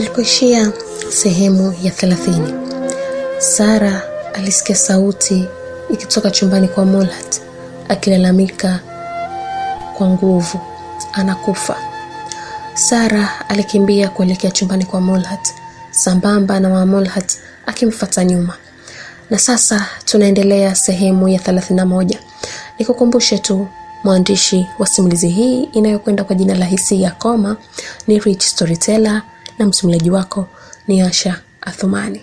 Tulipoishia sehemu ya thelathini, Sara alisikia sauti ikitoka chumbani kwa Molat akilalamika kwa nguvu, anakufa. Sara alikimbia kuelekea chumbani kwa Molat sambamba na Mamolhat akimfata nyuma. Na sasa tunaendelea sehemu ya 31. Nikukumbushe tu mwandishi wa simulizi hii inayokwenda kwa jina la hisi ya Koma ni Rich Storyteller na msimuliaji wako ni Asha Athumani.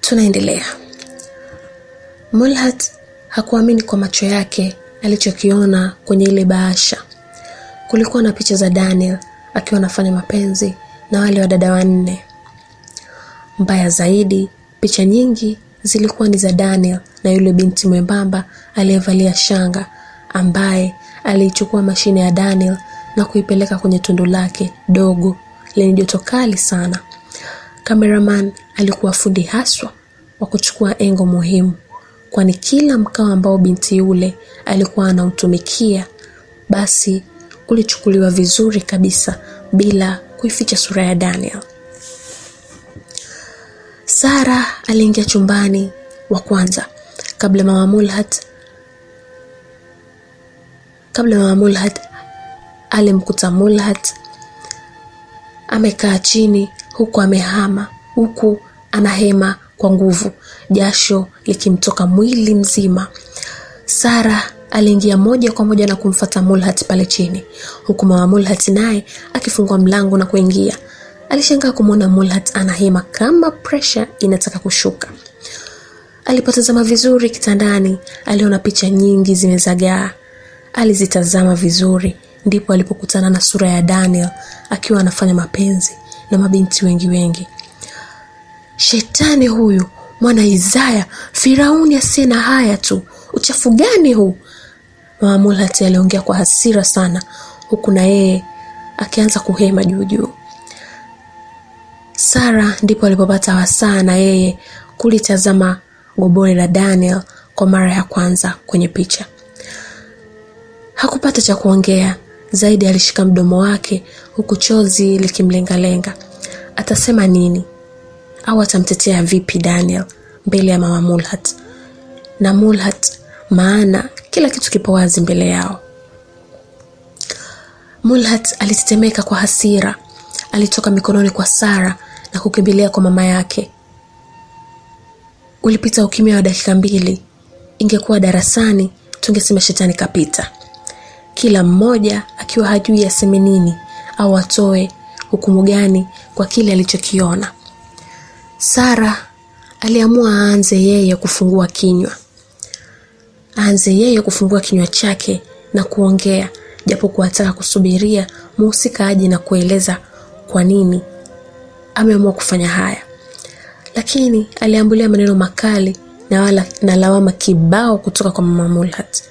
Tunaendelea. Mulhat hakuamini kwa macho yake alichokiona kwenye ile bahasha. Kulikuwa na picha za Daniel akiwa anafanya mapenzi na wale wa dada wanne. Mbaya zaidi, picha nyingi zilikuwa ni za Daniel na yule binti mwembamba aliyevalia shanga ambaye aliichukua mashine ya Daniel na kuipeleka kwenye tundu lake dogo lenye joto kali sana. cameraman alikuwa fundi haswa wa kuchukua engo muhimu, kwani kila mkao ambao binti yule alikuwa anautumikia basi ulichukuliwa vizuri kabisa bila kuificha sura ya Daniel. Sara aliingia chumbani wa kwanza kabla Mama Mulhat kabla ya mulhad alimkuta mulhad amekaa chini, huku amehama, huku anahema kwa nguvu, jasho likimtoka mwili mzima. Sara aliingia moja kwa moja na kumfata Mulhat pale chini, huku mama Mulhat naye akifungua mlango na kuingia. Alishangaa kumwona Mulhat anahema kama presha inataka kushuka. Alipotazama vizuri kitandani, aliona picha nyingi zimezagaa, Alizitazama vizuri, ndipo alipokutana na sura ya Daniel akiwa anafanya mapenzi na mabinti wengi wengi. Shetani huyu mwana Isaya, Firauni asiye na haya tu, uchafu gani huu? Mama aliongea kwa hasira sana, huku na yeye akianza kuhema juujuu. Sara ndipo alipopata wasaa na yeye kulitazama gobole la Daniel kwa mara ya kwanza kwenye picha. Hakupata cha kuongea zaidi, alishika mdomo wake huku chozi likimlengalenga. Atasema nini au atamtetea vipi Daniel mbele ya mama Mulhat na Mulhat? Maana kila kitu kipo wazi mbele yao. Mulhat alitetemeka kwa hasira, alitoka mikononi kwa Sara na kukimbilia kwa mama yake. Ulipita ukimia wa dakika mbili. Ingekuwa darasani tungesema shetani kapita kila mmoja akiwa hajui aseme nini au atoe hukumu gani kwa kile alichokiona. Sara aliamua aanze yeye kufungua kinywa, aanze yeye kufungua kinywa chake na kuongea, japo kuwataka kusubiria muhusika aje na kueleza kwa nini ameamua kufanya haya, lakini aliambulia maneno makali na wala na lawama kibao kutoka kwa mama Mulhat.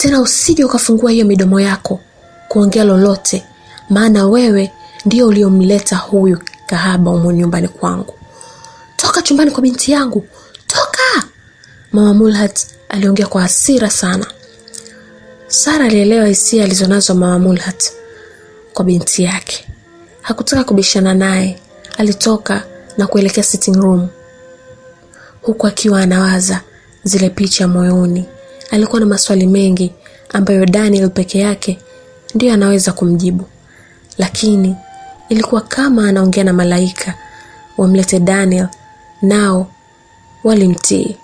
Tena usije ukafungua hiyo midomo yako kuongea lolote, maana wewe ndio uliomleta huyu kahaba umo nyumbani kwangu. Toka chumbani kwa binti yangu, toka! Mama Mulhat aliongea kwa hasira sana. Sara alielewa hisia alizonazo mama Mulhat kwa binti yake, hakutaka kubishana naye. Alitoka na kuelekea sitting room, huku akiwa anawaza zile picha moyoni. Alikuwa na maswali mengi ambayo Daniel peke yake ndiyo anaweza kumjibu, lakini ilikuwa kama anaongea na malaika wamlete Daniel, nao walimtii.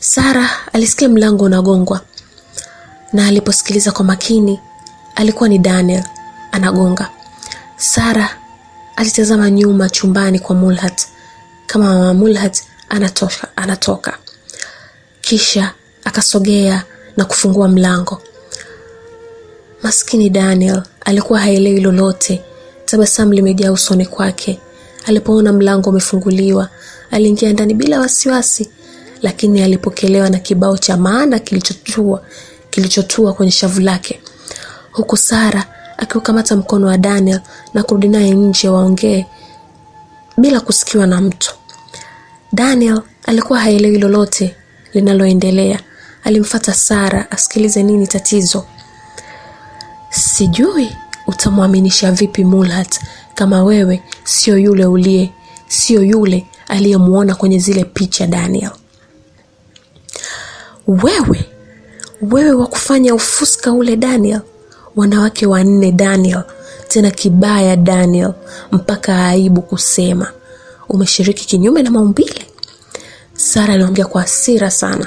Sara alisikia mlango unagongwa, na aliposikiliza kwa makini, alikuwa ni Daniel anagonga. Sara Alitazama nyuma chumbani kwa Mulhat kama mama Mulhat anatoka, anatoka, kisha akasogea na kufungua mlango. Maskini Daniel alikuwa haelewi lolote. Tabasamu limejaa usoni kwake alipoona mlango umefunguliwa. Aliingia ndani bila wasiwasi, lakini alipokelewa na kibao cha maana kilichotua kilichotua kwenye shavu lake, huku Sara akiukamata mkono wa Daniel na kurudi naye nje waongee bila kusikiwa na mtu. Daniel alikuwa haelewi lolote linaloendelea. Alimfata Sara asikilize nini tatizo. Sijui utamwaminisha vipi Mulhat kama wewe sio yule uliye, sio yule aliyemwona kwenye zile picha Daniel. Wewe wewe wa kufanya ufuska ule Daniel, wanawake wanne Daniel, tena kibaya Daniel, mpaka aibu kusema umeshiriki kinyume na maumbile. Sara aliongea kwa hasira sana.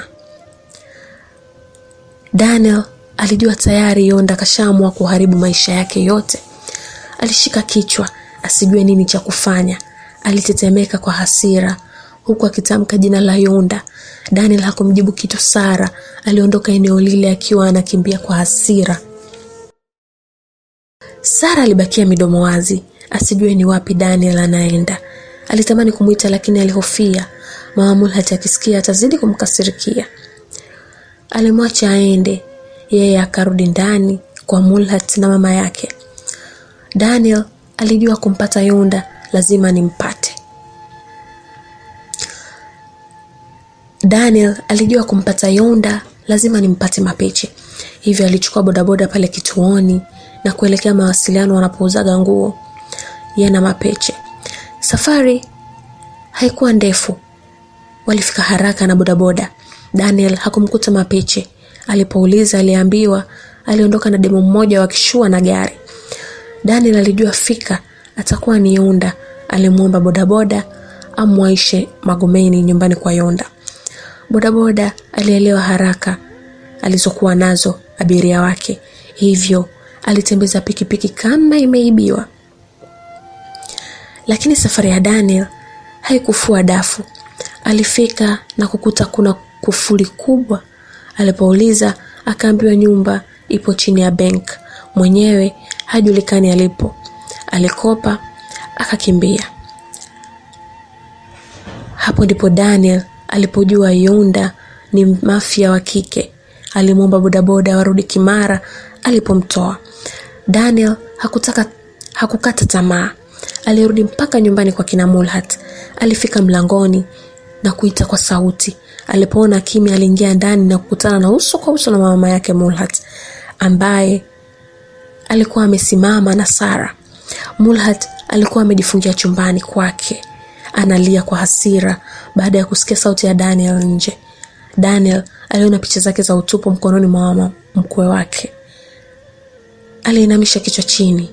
Daniel alijua tayari Yonda kashaamua kuharibu maisha yake yote. Alishika kichwa asijue nini cha kufanya. Alitetemeka kwa hasira huku akitamka jina la Yonda. Daniel hakumjibu kitu. Sara aliondoka eneo lile akiwa anakimbia kwa hasira. Sara alibakia midomo wazi, asijue ni wapi Daniel anaenda. Alitamani kumwita lakini alihofia mama Mulhati akisikia atazidi kumkasirikia. Alimwacha aende, yeye akarudi ndani kwa mulhat na mama yake. Daniel alijua kumpata Yunda lazima nimpate. Daniel alijua kumpata Yunda lazima nimpate Mapeche, hivyo alichukua bodaboda pale kituoni na kuelekea mawasiliano wanapouzaga nguo yana mapeche. Safari haikuwa ndefu, walifika haraka na bodaboda. Daniel hakumkuta mapeche. Alipouliza aliambiwa aliondoka na demu mmoja wakishua na gari. Daniel alijua fika atakuwa ni Yonda. Alimwomba bodaboda amwaishe Magomeni nyumbani kwa Yonda. Bodaboda alielewa haraka alizokuwa nazo abiria wake, hivyo alitembeza pikipiki kama imeibiwa. Lakini safari ya Daniel haikufua dafu. Alifika na kukuta kuna kufuli kubwa. Alipouliza akaambiwa nyumba ipo chini ya bank, mwenyewe hajulikani alipo. Alikopa akakimbia. Hapo ndipo Daniel alipojua Yonda ni mafia wa kike. Alimwomba bodaboda warudi Kimara alipomtoa Daniel hakutaka hakukata tamaa. Alirudi mpaka nyumbani kwa kina Mulhat. Alifika mlangoni na kuita kwa sauti. Alipoona kimya, aliingia ndani na kukutana na uso kwa uso na mama yake Mulhat ambaye alikuwa amesimama na Sara. Mulhat alikuwa amejifungia chumbani kwake analia kwa hasira baada ya kusikia sauti ya Daniel nje. Daniel aliona picha zake za utupu mkononi mwa mama mkwe wake aliinamisha kichwa chini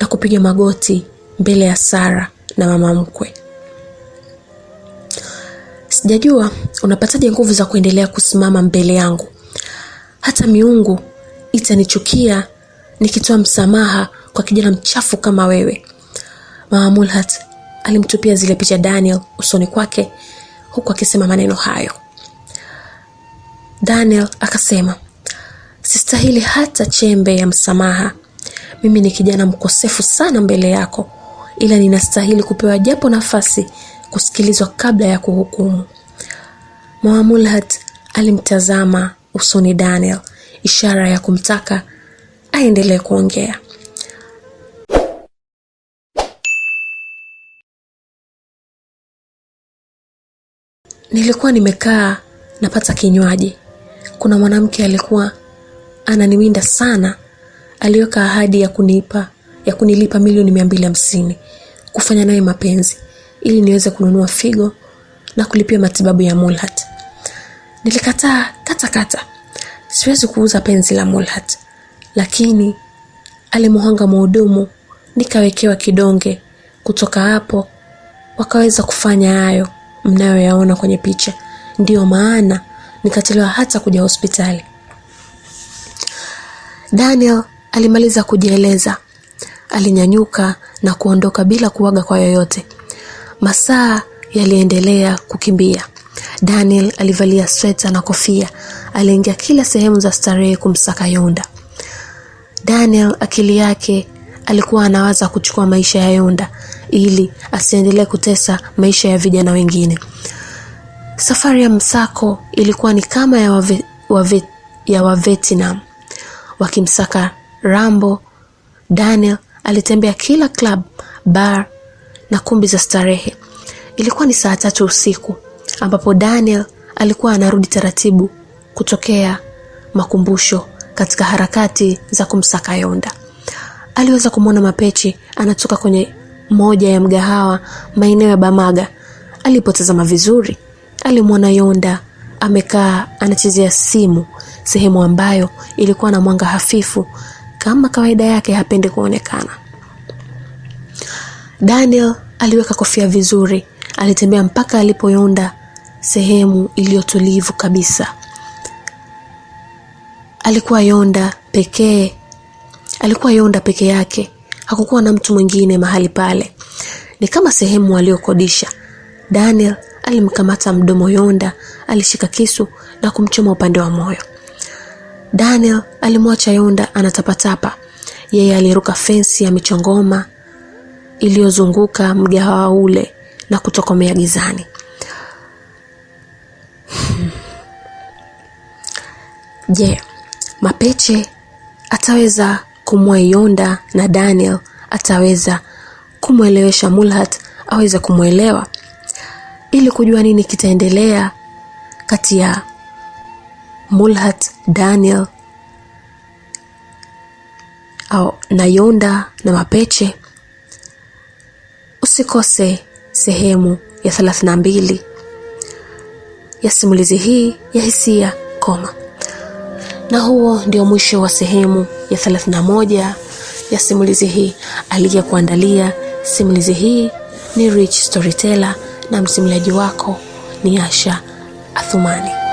na kupiga magoti mbele ya Sara na mama mkwe. Sijajua unapataje nguvu za kuendelea kusimama mbele yangu. Hata miungu itanichukia nikitoa msamaha kwa kijana mchafu kama wewe. Mama Mulhat alimtupia zile picha Daniel usoni kwake, huku akisema maneno hayo. Daniel akasema sistahili hata chembe ya msamaha. Mimi ni kijana mkosefu sana mbele yako, ila ninastahili kupewa japo nafasi kusikilizwa kabla ya kuhukumu. Mwamulhat alimtazama usoni Daniel, ishara ya kumtaka aendelee kuongea. Nilikuwa nimekaa napata kinywaji, kuna mwanamke alikuwa ananiwinda sana. Aliweka ahadi ya kunipa ya kunilipa milioni mia mbili hamsini kufanya naye mapenzi ili niweze kununua figo na kulipia matibabu ya Mulhat. Nilikataa kata, siwezi kuuza penzi la Mulhat, lakini alimuhanga mhudumu, nikawekewa kidonge. Kutoka hapo wakaweza kufanya hayo mnayoyaona kwenye picha. Ndiyo maana nikatolewa hata kuja hospitali. Daniel alimaliza kujieleza. Alinyanyuka na kuondoka bila kuwaga kwa yoyote. Masaa yaliendelea kukimbia. Daniel alivalia sweta na kofia, aliingia kila sehemu za starehe kumsaka Yonda. Daniel akili yake alikuwa anawaza kuchukua maisha ya Yonda ili asiendelee kutesa maisha ya vijana wengine. Safari ya msako ilikuwa ni kama ya, wa ya Wavietnam wakimsaka Rambo. Daniel alitembea kila club, bar na kumbi za starehe. Ilikuwa ni saa tatu usiku ambapo Daniel alikuwa anarudi taratibu kutokea makumbusho katika harakati za kumsaka Yonda. Aliweza kumwona Mapechi anatoka kwenye moja ya mgahawa maeneo ya Bamaga. Alipotazama vizuri, alimwona Yonda amekaa anachezea simu sehemu ambayo ilikuwa na mwanga hafifu kama kawaida yake hapendi kuonekana. Daniel aliweka kofia vizuri, alitembea mpaka alipoyonda sehemu iliyotulivu kabisa. Alikuwa Yonda pekee, alikuwa Yonda peke yake, hakukuwa na mtu mwingine mahali pale. Ni kama sehemu aliyokodisha. Daniel alimkamata mdomo Yonda alishika kisu na kumchoma upande wa moyo. Daniel alimwacha Yonda anatapatapa. Yeye aliruka fensi ya michongoma iliyozunguka mgawa ule na kutokomea gizani. je Je, Mapeche ataweza kumwa Yonda na Daniel ataweza kumwelewesha Mulhat aweze kumwelewa? Ili kujua nini kitaendelea kati ya mulhat daniel au nayonda na mapeche usikose sehemu ya 32 ya simulizi hii ya hisia koma na huo ndio mwisho wa sehemu ya 31 ya simulizi hii aliyekuandalia simulizi hii ni rich storyteller na msimuliaji wako ni asha Athumani.